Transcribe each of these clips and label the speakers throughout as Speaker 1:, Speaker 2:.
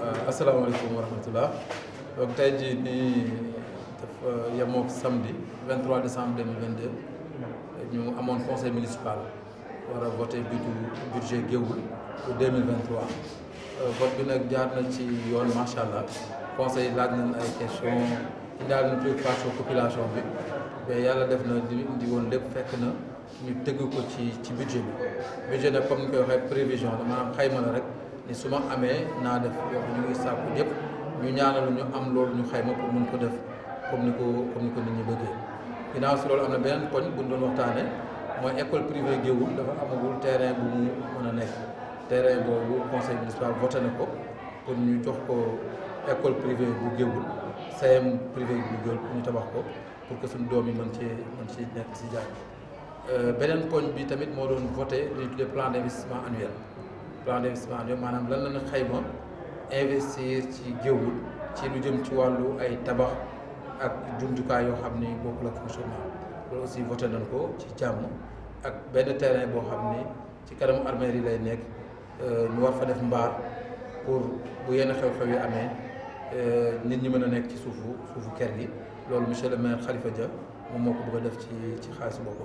Speaker 1: Euh, asalaamaaleykum wa rahmatullah donc tey jii nii dafa euh, samedi 23 décembre 2022 ñu amone conseil municipal wara voter budget budget Géoul pour 2023 euh, vote bi nak jaar na ci yoon machallah conseil laaj nañ ay question dal na préoccupation population bi mais yalla def na di indi woon lépp fekk na ñu tëgg ko ci ci budget bi budget nag comme ni koy waxee prévision la maanaam xayma la rek ni su amé na def pour ko def comme comme nit ñi école privée dafa terrain bu terrain conseil municipal voté pour ñu jox ko école privée bu privé bu pour pour que suñu doom ci euh, bi tamit voté li plan d'investissement annuel plan d'investissement yooyu maanaam lan la na xayma investir ci géewul ci lu jëm ci wàllu ay tabax ak jumtukaay yoo xam ni bokk la fonctionnement loolu aussi voté nañ ko ci jàmm ak benn terrain boo xam ni ci kanamu armée yi lay nekk euh, ñu war fa def mbaar pour bu yenn xew-xew yi amee euh, nit ñi mën a nekk ci suufu suufu kër gi loolu monsieur le maire xalifa ja moom moo ko bëgg a def ci ci xaalis boobu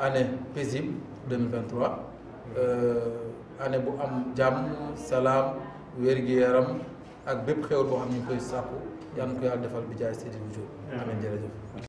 Speaker 1: année paisible 2023 euh, année bu am jàmm salaam wér-gu-yaram ak bépp xew boo xam ne ñu koy sàkku yal na ko yàlla defal bi jaay Seydina Diop. amiin jërëjëf.